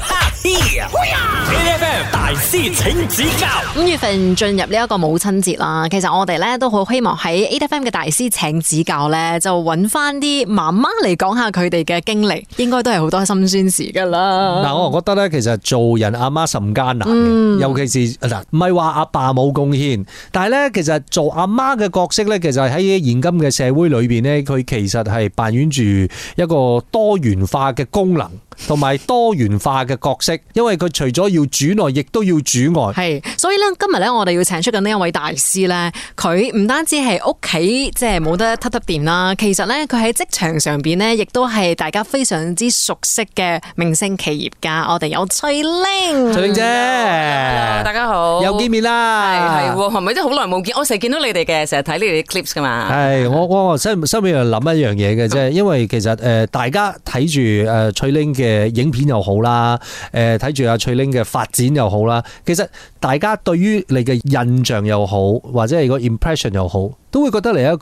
哈！A F M 大師請指教，五月份進入呢一個母親節啦。其實我哋咧都好希望喺 A F M 嘅大師請指教咧，就揾翻啲媽媽嚟講下佢哋嘅經歷，應該都係好多心酸事噶啦。嗱，我覺得咧，其實做人阿媽甚艱難嘅，尤其是嗱，唔係話阿爸冇貢獻，但係咧其實做阿媽嘅角色咧，其實喺現今嘅社會裏邊咧，佢其實係扮演住一個多元化嘅功能，同埋多元。化嘅角色，因為佢除咗要主內，亦都要主外。係，所以咧今日咧，我哋要請出緊呢一位大師咧，佢唔單止係屋企即係冇得突突電啦，其實咧佢喺職場上邊咧，亦都係大家非常之熟悉嘅明星企業家。我哋有翠玲，翠玲姐，hello, hello, hello, 大家好，又見面啦，係，係咪真好耐冇見？我成日見到你哋嘅，成日睇呢啲 clips 噶嘛。係，我我心心裏諗一樣嘢嘅啫， 因為其實誒，大家睇住誒翠玲嘅影片又好啦。啊！誒，睇住阿翠玲嘅發展又好啦，其實大家對於你嘅印象又好，或者係個 impression 又好，都會覺得你係一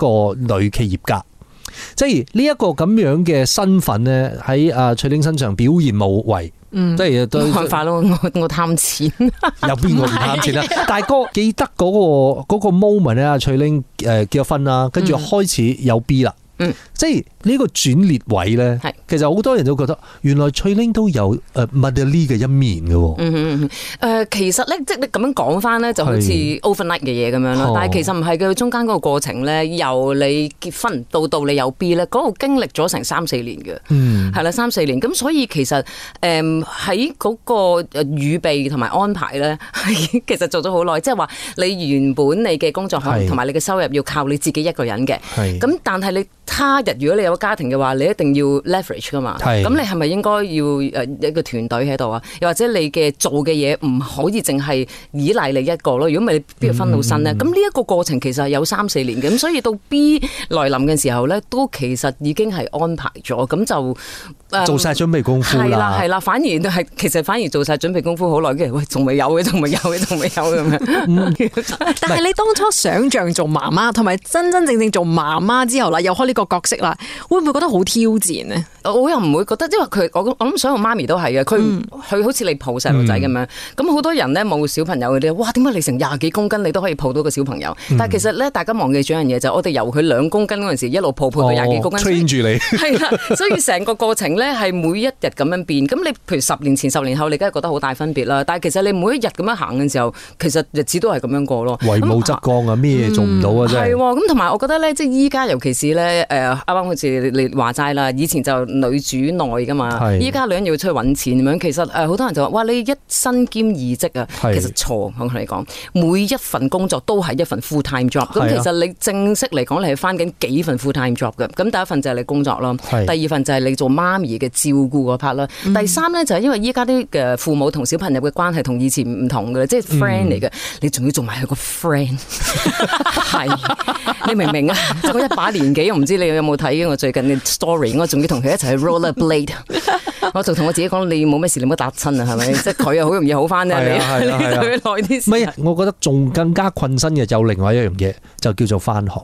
個女企業家，即係呢一個咁樣嘅身份咧，喺阿翠玲身上表現無遺。即係冇辦法咯，我我貪錢， 有邊個唔貪錢是啊？大哥記得嗰個個 moment 咧，阿翠玲誒結咗婚啦，跟住開始有 B 啦。嗯，即係呢個轉列位咧，係其實好多人都覺得原來翠玲都有誒 maternal 嘅一面嘅。嗯嗯嗯，誒其實咧，即係你咁樣講翻咧，就好似 overnight 嘅嘢咁樣咯。但係其實唔係嘅，中間嗰個過程咧，由你結婚到到你有 B 咧，嗰度經歷咗成三四年嘅。嗯，係啦，三四年。咁所以其實誒喺嗰個誒預備同埋安排咧，係其實做咗好耐。即係話你原本你嘅工作同埋你嘅收入要靠你自己一個人嘅。係，咁但係你。他日如果你有家庭嘅話，你一定要 leverage 噶嘛。係是。咁你係咪應該要誒、呃、一個團隊喺度啊？又或者你嘅做嘅嘢，唔可以淨係依賴你一個咯？如果唔係必要分到身咧？咁呢一個過程其實係有三四年嘅。咁所以到 B 來臨嘅時候咧，都其實已經係安排咗，咁就、呃、做晒準備功夫係啦，係啦。反而都係其實反而做晒準備功夫好耐，跟住喂，仲未有嘅，仲未有嘅，仲未有咁樣，嗯、 但係你當初想象做媽媽同埋真真正正做媽媽之後啦，又開啲個角色啦，會唔會覺得好挑戰咧？我又唔會覺得，因為佢我我諗，所有媽咪都係嘅。佢佢好似你抱細路仔咁樣，咁好多人咧冇小朋友嘅咧。哇，點解你成廿幾公斤你都可以抱到個小朋友？但係其實咧，大家忘記咗一樣嘢，就係我哋由佢兩公斤嗰陣時一路抱抱到廿幾公斤，牽引住你係啊。所以成個過程咧係每一日咁樣變。咁你譬如十年前，十年後，你梗係覺得好大分別啦。但係其實你每一日咁樣行嘅時候，其實日子都係咁樣過咯。為母則剛啊，咩做唔到啊？真係。咁同埋，我覺得咧，即係依家尤其是咧。誒啱啱好似你話齋啦，以前就女主內噶嘛，依家是女人要出去揾錢咁樣，其實好、呃、多人就話：哇，你一身兼二職啊，是其實錯我同你講，每一份工作都係一份 full time job 啊。咁其實你正式嚟講，你係翻緊幾份 full time job 嘅，咁第一份就係你工作咯，是第二份就係你做媽咪嘅照顧嗰 part 啦，嗯、第三咧就係、是、因為依家啲嘅父母同小朋友嘅關係同以前唔同嘅，即係 friend 嚟嘅、嗯，你仲要做埋佢個 friend，係你明唔明啊？就嗰一把年紀我唔知。你有冇睇？我最近嘅 story，我仲要同佢一齊去 rollerblade。 我仲同我自己講：你冇咩事，你唔好打親啊，係咪？即係佢又好容易好翻啊。係啊係啊係啊！唔係，我覺得仲更加困身嘅就另外一樣嘢，就叫做翻學。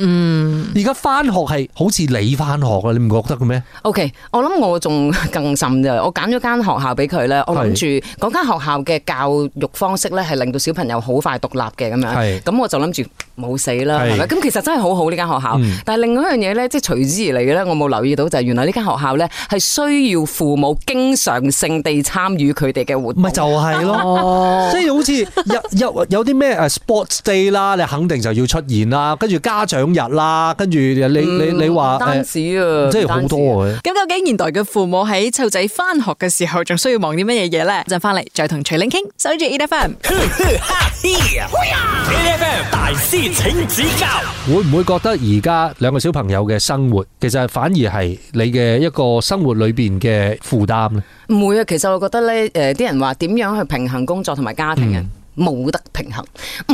嗯，而家翻學係好似你翻學啊，你唔覺得嘅咩？OK，我諗我仲更甚啫，我揀咗間學校俾佢咧，我諗住嗰間學校嘅教育方式咧，係令到小朋友好快獨立嘅咁樣，咁是我就諗住冇死啦，咁是其實真係好好呢間學校，但係另外一樣嘢咧，即係隨之而嚟嘅咧，我冇留意到就係原來呢間學校咧係需要父母經常性地參與佢哋嘅活動，咪就係咯，即係好似有有啲咩 sports day 啦，你肯定就要出現啦，跟住家長。日啦，跟住你你你話誒，即係好多嘅。咁究竟現代嘅父母喺湊仔翻學嘅時候，仲需要忙啲乜嘢嘢咧？一陣翻嚟再同徐玲傾。守住 E F M。Here E F M 大師請指教。會唔會覺得而家兩個小朋友嘅生活，其實反而係你嘅一個生活裏邊嘅負擔咧？唔會啊，其實我覺得咧，誒，啲人話點樣去平衡工作同埋家庭啊？冇得平衡，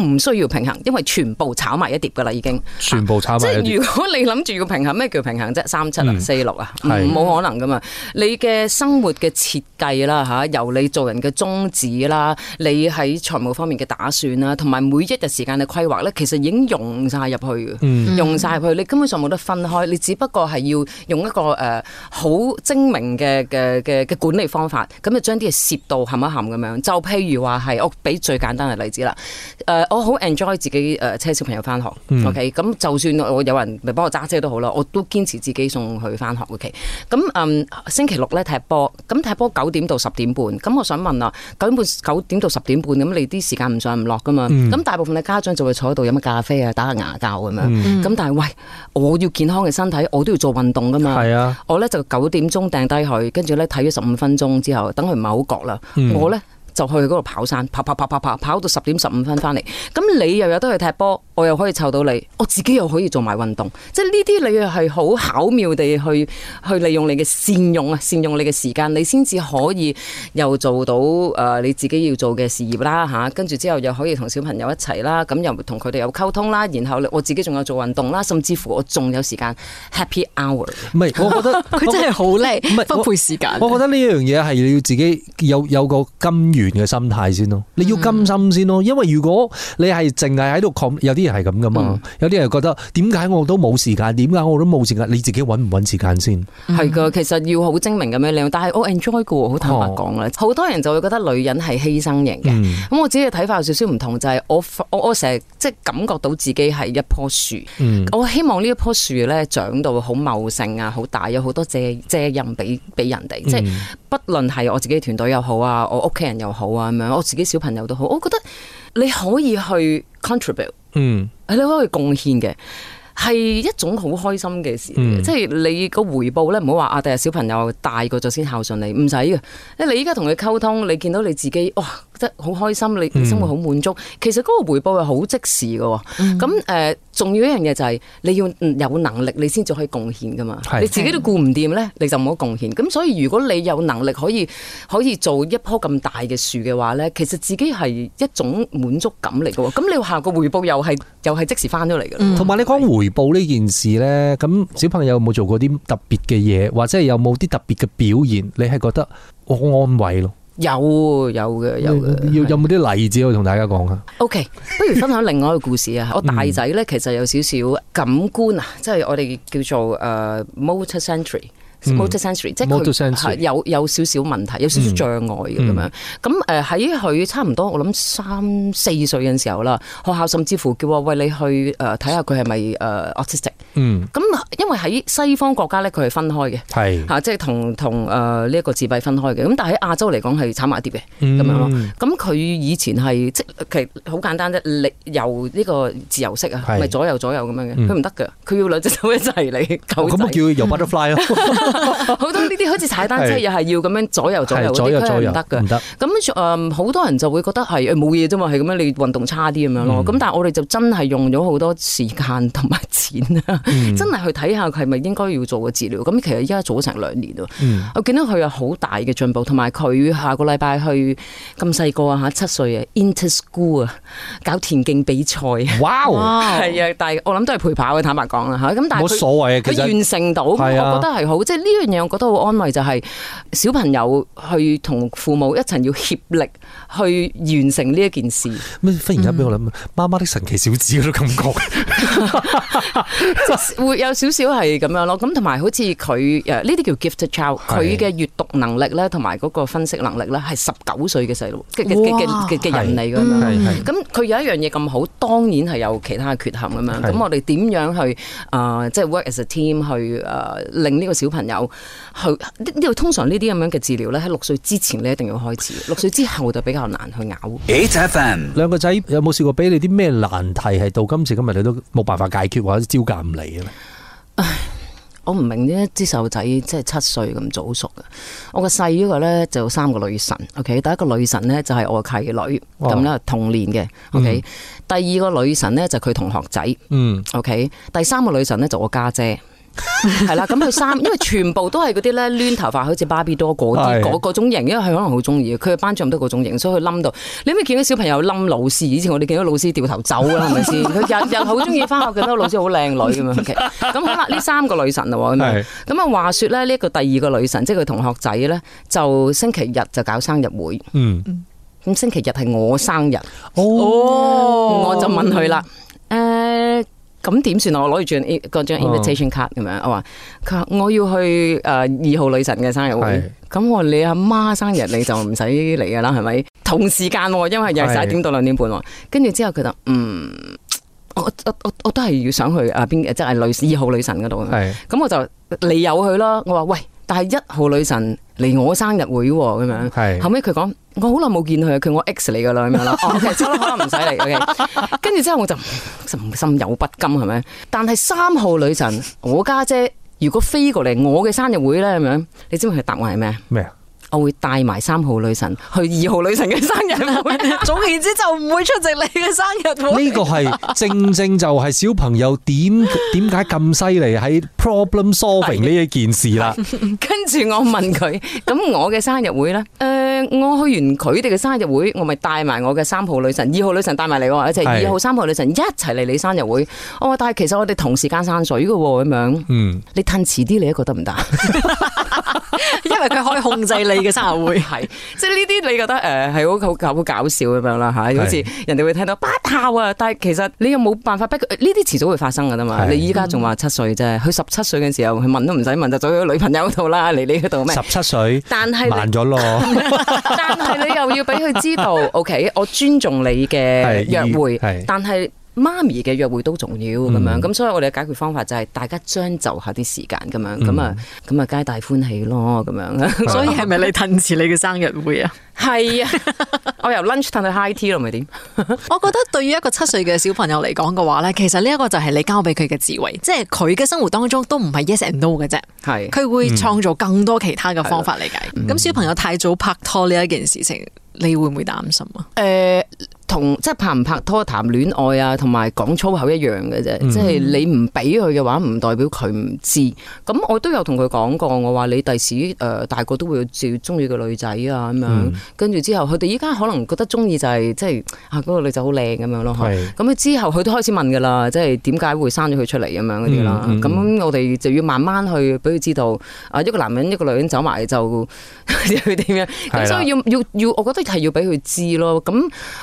唔需要平衡，因為全部炒埋一碟噶啦，已經全部炒埋、啊。即係如果你諗住要平衡，咩叫平衡啫？三七啊，嗯、四六啊，冇是可能噶嘛。你嘅生活嘅設計啦，吓、啊、由你做人嘅宗旨啦，你喺財務方面嘅打算啦，同埋每一日時間嘅規劃咧，其實已經用晒入去用晒去,、嗯融入去。你根本上冇得分開，你只不過係要用一個誒好、呃、精明嘅嘅嘅嘅管理方法，咁就將啲嘢攝到冚一冚咁樣。就譬如話係我俾最簡。單係例子啦，誒、呃，我好 enjoy 自己誒、呃、車小朋友翻學、嗯、，OK，咁就算我有人嚟幫我揸車都好啦，我都堅持自己送佢翻學，OK，咁嗯，星期六咧踢波，咁踢波九點到十點半，咁我想問啊，九點半九點到十點半，咁你啲時間唔上唔落噶嘛？咁、嗯、大部分嘅家長就會坐喺度飲下咖啡啊，打下牙鉸咁樣，咁、嗯、但係喂，我要健康嘅身體，我都要做運動噶嘛，係是啊我呢，我咧就九點鐘掟低佢，跟住咧睇咗十五分鐘之後，等佢唔係好覺啦，嗯、我咧。就去嗰度跑山，跑跑跑跑跑，跑跑跑跑到十點十五分返嚟。咁你又有得去踢波？我又可以湊到你，我自己又可以做埋運動，即係呢啲你係好巧妙地去去利用你嘅，善用啊，善用你嘅時間，你先至可以又做到誒、呃、你自己要做嘅事業啦吓，跟、啊、住之後又可以同小朋友一齊啦，咁又同佢哋有溝通啦，然後我自己仲有做運動啦，甚至乎我仲有時間 happy hour。唔係，我覺得佢 真係好叻， 唔係分配時間，我覺得呢樣嘢係你要自己有有個甘願嘅心態先咯，你要甘心先咯，嗯、因為如果你係淨係喺度抗有啲。係咁噶嘛？有啲人覺得點解我都冇時間？點解我都冇時間？你自己搵唔搵時間先？係噶，其實要好精明咁樣樣，但係我 enjoy 嘅，好坦白講啦。好、哦、多人就會覺得女人係犧牲型嘅，咁、嗯、我自己嘅睇法有少少唔同，就係、是、我我我成日即係感覺到自己係一棵樹，嗯、我希望呢一棵樹咧長到好茂盛啊，好大，有好多遮遮蔭俾俾人哋。嗯、即係不論係我自己嘅團隊又好啊，我屋企人又好啊，咁樣我自己小朋友都好，我覺得你可以去 contribute。嗯，係你可以貢獻嘅。係一種好開心嘅事，嗯、即係你個回報咧，唔好話啊！第日小朋友大個咗先孝順你，唔使嘅。你依家同佢溝通，你見到你自己，哇、哦，真係好開心，你生活好滿足。嗯、其實嗰個回報係好即時嘅。咁誒、嗯，嗯、仲要一樣嘢就係你要有能力，你先至可以貢獻㗎嘛。的你自己都顧唔掂咧，你就冇得貢獻。咁所以如果你有能力可以可以做一棵咁大嘅樹嘅話咧，其實自己係一種滿足感嚟嘅。咁你下個回報又係又係即時翻咗嚟嘅。同埋、嗯、的你講回報呢件事呢，咁小朋友有冇做過啲特別嘅嘢，或者有冇啲特別嘅表現？你係覺得好安慰咯？有，有嘅，有嘅。有有冇啲例子可以同大家講啊？OK，不如分享另外一個故事啊。我大仔呢，其實有少少感官啊，即係我哋叫做誒 motor sensory。Multisensory, S,、嗯、 即係佢有 multisensory, 有，有少少問題，有少少障礙嘅咁樣。咁誒喺佢差唔多我諗三四歲嘅時候啦，學校甚至乎叫我喂，你去誒睇下佢係咪誒 autistic。咁、呃呃嗯、因為喺西方國家咧，佢係分開嘅，係是、啊、即係同同誒呢一個自閉分開嘅。咁但喺亞洲嚟講係慘埋啲嘅咁樣咯。咁佢以前係即係其實好簡單啫。由呢個自由式啊，咪是左右左右咁樣嘅，佢唔得㗎，佢要兩隻手一齊嚟。咁咪叫由 butterfly 咯。 好多呢啲好似踩單車又係要咁樣左右左右嗰啲，佢又唔得噶。咁誒，好多人就會覺得係冇嘢啫嘛，係咁樣你運動差啲咁樣咯。咁但係我哋就真係用咗好多時間同埋錢啊，真係去睇下佢係咪應該要做嘅治療。咁其實依家做咗成兩年咯。我見到佢有好大嘅進步，同埋佢下個禮拜去咁細個啊，吓，七歲啊 inter school 啊，搞田徑比賽。哇！係啊，但係我諗都係陪跑嘅，坦白講啦吓。咁但係冇所謂，佢完成到，我覺得係好即呢樣嘢我覺得好安慰，就係小朋友去同父母一齊要協力去完成呢一件事。乜忽然間俾我諗，媽媽的神奇小子嗰種感覺，會有少少係咁樣咯。咁同埋好似佢誒呢啲叫 gifted child，佢嘅閱讀能力咧，同埋嗰個分析能力咧，係十九歲嘅細路嘅嘅嘅嘅人嚟㗎啦。咁佢有一樣嘢咁好，當然係有其他缺陷咁樣。咁我哋點樣去誒，即係 work as a team 去誒，令呢個小朋友。有去呢？呢通常呢啲咁樣嘅治療咧，喺六歲之前你一定要開始，六歲之後就比較難去咬。H F M，兩個仔有冇試過俾你啲咩難題，係到今時今日你都冇辦法解決或者招架唔嚟嘅咧？唉，我唔明呢一隻細路仔即係七歲咁早熟嘅。我個細嗰個咧就有三個女神。OK，第一個女神咧就係我契女，咁咧、哦、同年嘅。OK，、嗯、第二個女神咧就佢同學仔。Okay? 嗯。O K，第三個女神咧就我家姐，姐。係啦，咁佢 三個，因為全部都係嗰啲咧，攣頭髮好似芭比多嗰啲，嗰嗰的種型，因為佢可能好中意，佢班長都嗰種型，所以佢冧到。你有冇見啲小朋友冧老師？以前我哋見到老師掉頭走啊，係咪先？佢日日好中意返學，覺 得老師好靚女啊嘛。咁好啦，呢三個女神喎。咁啊、嗯，話說咧，呢、這個第二個女神，即係佢同學仔咧，就星期日就搞生日會。嗯，咁星期日係我生日，哦，哦我就問佢啦，誒、嗯。呃咁點算啊？我攞住張嗰張 invitation card 咁樣，我話佢我要去誒，二號女神嘅生日會。咁我話你阿媽生日你就唔使嚟噶啦，係咪同時間？因為又係十一點到兩點半。跟住之後佢就嗯，我我我我都係要想去啊邊，即係二號女神嗰度。咁我就你有去啦。我話喂，但係一號女神。嚟我生日會咁樣，是後尾佢講我好耐冇見佢，佢我 X 你噶啦咁樣咯，即、 oh, okay, 可能唔使嚟。跟住之後我就就心有不甘係咪？但係三號女神我家姐，姐如果飛過嚟我嘅生日會咧，咁樣你知唔知佢答案係咩？咩啊？我會帶埋三號女神去二號女神嘅生日會，總言之就唔會出席你嘅生日會。呢個係正正就係小朋友點點解咁犀利喺 problem solving 呢一件事啦。 跟住我問佢，咁我嘅生日會咧？我去完佢哋嘅生日會，我咪帶埋我嘅三號女神、二號女神帶埋嚟一齊，二、就是、號、三號女神一齊嚟你生日會。我是、哦、但係其實我哋同時間生水嘅咁樣，嗯、你褪遲啲你都覺得唔得， 因為佢可以控制你嘅生日會係，即係呢啲你覺得誒係、呃、好，好，好，好搞笑咁樣啦吓，好似人哋會聽到不孝啊，但係其實你又冇辦法，不過呢啲遲早會發生㗎嘛。是 你依家仲話七歲啫，佢十七歲嘅時候，佢問都唔使問就走咗女朋友度啦，嚟你嗰度咩？十七歲，但係慢咗了咯。 但係你又要俾佢知道，OK，我尊重你嘅約會，是是但係，媽咪嘅約會都重要咁樣，咁、嗯、所以我哋嘅解決方法就係大家將就下啲時間咁樣，咁啊、嗯，咁啊，皆大歡喜咯咁樣。的 所以係咪你褪遲你嘅生日會是啊？ 係啊，我由 lunch 褪到 high tea 咯，咪點？我覺得對於一個七歲嘅小朋友嚟講嘅話咧，其實呢一個就係你交俾佢嘅智慧，即係佢嘅生活當中都唔係 yes and no 嘅啫。係佢的會創造更多其他嘅方法嚟解。咁、嗯嗯、小朋友太早拍拖呢一件事情，你會唔會擔心啊？誒。呃同即係拍唔拍拖、談戀愛啊，同埋講粗口一樣嘅啫。Mm hmm. 即係你唔俾佢嘅話，唔代表佢唔知道。咁我都有同佢講過，我話你第時誒大個都會照中意個女仔啊咁樣、mm hmm. 跟住之後，佢哋依家可能覺得中意就係、是、即係啊、嗰個女仔好靚咁樣咯。係咁啊！之後，佢都開始問噶啦，即係點解會生咗佢出嚟咁樣嗰啲啦？咁、mm hmm. 我哋就要慢慢去俾佢知道啊一個男人一個女人走埋就佢點 樣的。咁的，所以要要要，我覺得係要俾佢知咯。咁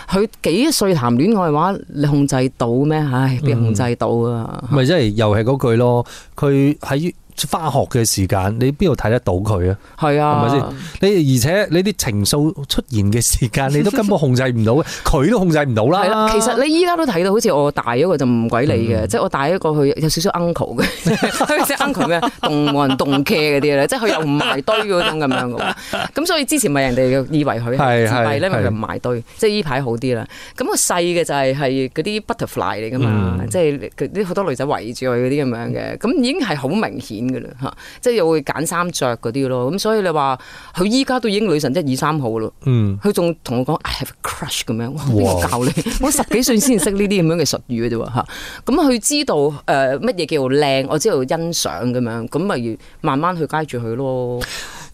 佢。幾歲談戀愛話，你控制到咩？唉，被控制到啊？咪即係又係嗰句咯，佢喺。花學嘅時間，你邊度睇得到佢啊？係啊，係咪先？你而且你啲情緒出現嘅時間，你都根本控制唔到，佢都控制唔到啦。係啦，其實你依家都睇到，好似我大一個就唔鬼理嘅，即係我大一個佢有少少 uncle 嘅，即係 uncle 嘅動和人動劇嗰啲咧，即佢又唔埋堆嗰種咁樣嘅。咁所以之前咪人哋以為佢係係因為唔埋堆，即係呢排好啲啦。咁個細嘅就係係嗰啲 butterfly 嚟㗎嘛，即係啲好多女仔圍住佢嗰啲咁樣嘅，咁已經係好明顯。吓，即係又會揀衫着嗰啲咯，咁所以你話佢依家都已經女神一二三號咯，嗯，佢仲同我講 I have a crush 咁樣，邊個教你？哇我十幾歲先識呢啲咁樣嘅術語嘅啫，吓、 嗯，咁佢知道誒乜嘢叫做靚，我知道欣賞咁樣，咁咪慢慢去街住佢咯。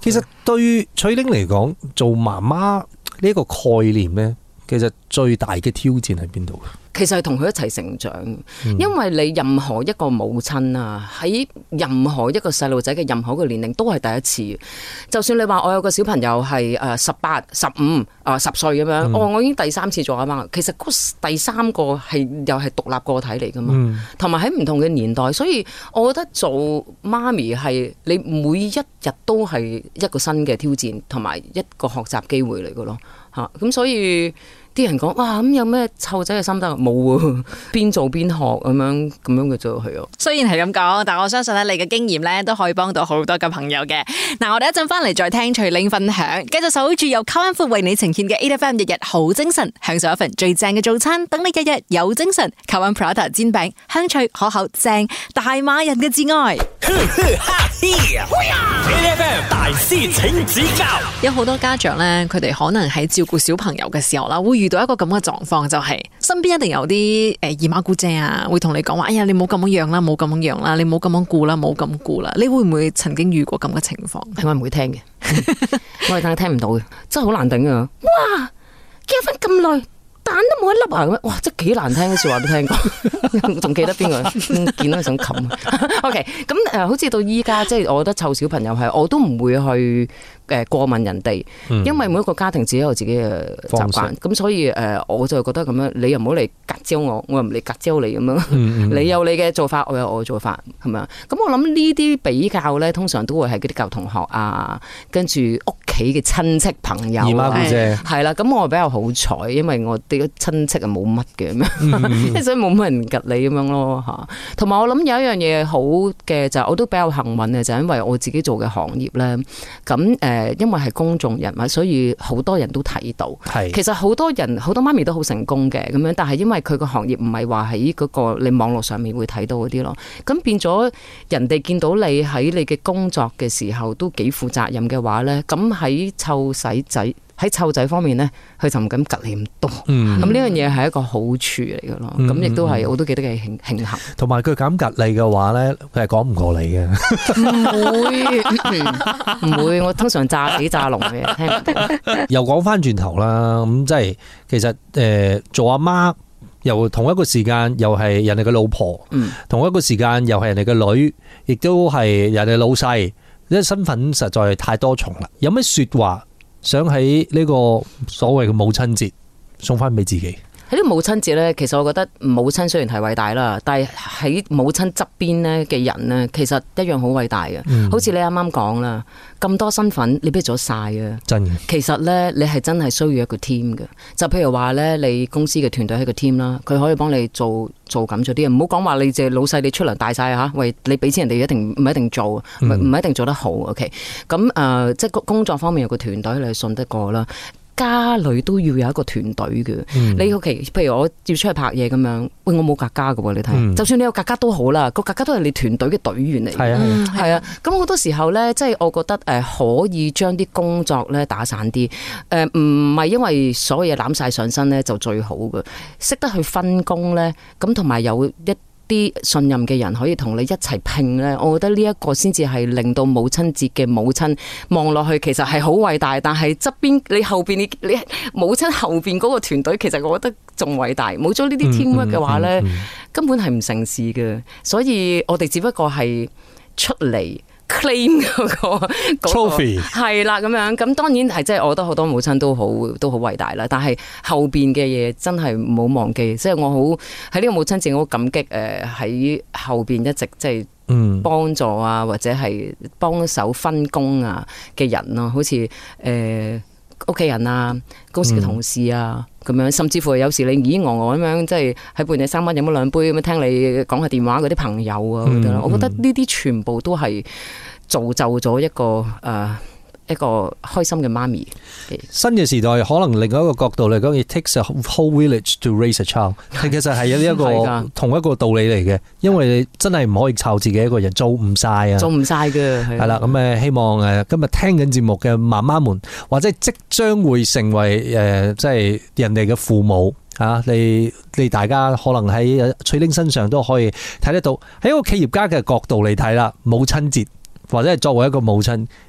其實對翠玲嚟講，做媽媽呢個概念咧，其實最大嘅挑戰喺邊度？其實係同佢一齊成長，因為你任何一個母親啊，喺任何一個細路仔嘅任何一個年齡都係第一次。就算你話我有個小朋友係誒十八、十五、啊十歲咁樣，我、嗯哦、我已經第三次做阿媽。其實第三個係又係獨立個體嚟噶嘛，嗯、在不同埋喺唔同嘅年代，所以我覺得做媽咪係你每一日都係一個新嘅挑戰同埋一個學習機會嚟嘅咯嚇。咁、啊、所以。啲人講哇，咁有咩湊仔嘅心得？冇喎，邊做邊學咁樣咁樣嘅就係。哦，雖然係咁講，但我相信咧，你嘅經驗咧都可以幫到好多嘅朋友嘅。嗱，我哋一陣翻嚟再聽徐玲分享，繼續守住由 Kawan Food 為你呈現嘅 8FM 日日好精神，享受一份最正嘅早餐，等你日日有精神。Kawan Prata 煎餅，香脆可口，正大馬人嘅至愛。8FM 大師請指教。有好多家長呢，佢哋可能喺照顧小朋友嘅時候啦，會。遇到一個咁嘅狀況，就係、是、身邊一定有啲誒姨媽姑姐啊，會同你講話：哎呀，你冇咁樣樣啦，冇咁樣樣啦，你冇咁樣顧啦，冇咁顧啦。你會唔會曾經遇過咁嘅情況？係咪唔會聽嘅、 嗯？我係聽唔到嘅，真係好難頂啊，啊，啊！哇，結婚咁耐，蛋都冇一粒啊！哇，真係幾難聽嘅說話都聽過，仲 記得邊個、嗯？見到想冚。 OK，咁誒、呃，好似到依家，即係我覺得湊小朋友係，我都唔會去。誒，過問人哋，因為每一個家庭自己有自己嘅習慣，咁、嗯、所以誒，我就覺得咁樣，你又唔好嚟夾招我，我又唔嚟夾招你咁樣，嗯嗯、 你有你嘅做法，我有我嘅做法，係咪？咁我諗呢啲比較咧，通常都會係啲舊同學啊，跟住屋企嘅親戚朋友、啊，姨媽姑姐係啦。咁我比較好彩，因為我啲親戚啊冇乜嘅，咁樣、嗯， 所以冇乜人及你咁樣咯，同埋我諗有一樣嘢好嘅就係、我都比較幸運嘅，就係、因為我自己做嘅行業咧，咁誒。呃誒，因為係公眾人物，所以好多人都睇到。係，其實好多人，好多媽咪都好成功嘅咁樣，但係因為佢個行業唔係話喺嗰個你網絡上面會睇到嗰啲咯。咁變咗人哋見到你喺你嘅工作嘅時候都幾負責任嘅話呢，咁喺湊仔仔。喺湊仔方面咧，佢就唔敢隔你咁多，咁呢、嗯、樣嘢係一個好處嚟噶咯。咁亦、嗯、都係我都記得嘅，幸慶幸。同埋佢敢隔你嘅話咧，佢係講唔過你嘅會。唔會唔會，我通常詐死詐聾嘅。聽又講翻轉頭啦，咁即係其實誒，做阿媽又同一個時間又係人哋嘅老婆，嗯、同一個時間又係人哋嘅女，亦都係人哋老細，呢個身份實在太多重啦。有咩說話？想喺呢個所謂嘅母親節送翻俾自己。喺啲母親節咧，其實我覺得母親雖然係偉大啦，但係喺母親側邊咧嘅人咧，其實一樣好偉大嘅。嗯、好似你啱啱講啦，咁多身份你不如做晒啊！真嘅的，其實咧你係真係需要一個 team 嘅。就譬如話咧，你公司嘅團隊係一個 team 啦，佢可以幫你做做咁做啲嘢。唔好講話你隻老細，你出糧大晒嚇、啊，喂，你俾錢人哋一定唔一定做，唔係一定做得好。嗯、OK，咁誒、嗯呃，即係工作方面有個團隊你信得過啦。家裏都要有一個團隊嘅，嗯、你好奇，譬如我要出去拍嘢咁樣，喂，我冇格家嘅喎，你睇，嗯、就算你有格格都好啦，個格格都係你團隊嘅隊員嚟，嘅。啊，係啊，咁好多時候呢，即係我覺得誒可以將啲工作呢打散啲，誒唔係因為所有嘢攬晒上身呢就最好嘅，識得去分工呢，咁同埋有一啲信任嘅人可以同你一齊拼咧，我覺得呢一個先至係令到母親節嘅母親望落去，其實係好偉大。但係側邊你後邊你你母親後邊嗰個團隊，其實我覺得仲偉大。冇咗呢啲 teamwork 嘅話咧，嗯嗯嗯嗯，根本係唔成事嘅。所以我哋只不過係出嚟 claim 嗰、那個嗰、 嗰個 trophy 係啦，咁樣咁當然係，即係我覺得好多母親都好都好偉大啦。但係後邊嘅嘢真係唔好忘記，即、就、係、是、我好喺呢個母親節好感激誒，喺後邊一直即係幫助啊，或者係幫手分工啊嘅人咯，好似誒屋企人啊，公司嘅同事啊。嗯咁樣，甚至乎有時你咦倚卧卧咁樣，即係喺半夜三晚飲咗兩杯，咁樣聽你講下電話嗰啲朋友啊，咁樣，我覺得呢啲全部都係造就咗一個誒。呃一個開心嘅媽咪。新嘅時代可能另外一個角度嚟講，it takes a whole village to raise a child，是的其實係一個同一個道理嚟嘅。是的 因為你真係唔可以靠自己一個人是的 做唔晒啊，做唔晒嘅係啦。咁誒，希望誒今日聽緊節目嘅媽媽們，或者即將會成為誒，即係人哋嘅父母啊，你你大家可能喺翠玲身上都可以睇得到，喺一個企業家嘅角度嚟睇啦，母親節或者係作為一個母親。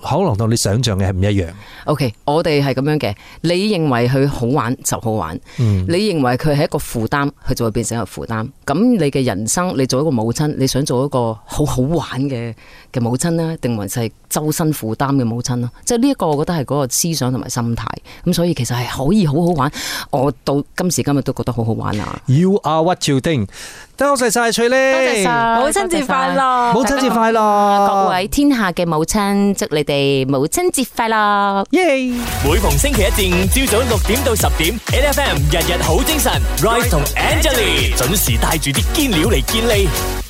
可能同你想象嘅係唔一樣。OK，我哋係咁樣嘅，你認為佢好玩就好玩，嗯，你認為佢係一個負擔，佢就會變成一個負擔。咁你嘅人生，你做一個母親，你想做一個好好玩嘅嘅母親咧，定還是係周身負擔嘅母親咯？即係呢一個，我覺得係嗰個思想同埋心態。咁所以其實係可以好好玩。我到今時今日都覺得好好玩啊！You are what you think。多謝晒翠玲，多謝晒母親節快樂，母親節快樂，各位天下嘅母親，祝你。哋母親節快樂！Yeah! 每逢星期一至五朝早六點到十點 NFM 日日好精神。Rice 同 Angelina 準時帶住啲堅料嚟堅利。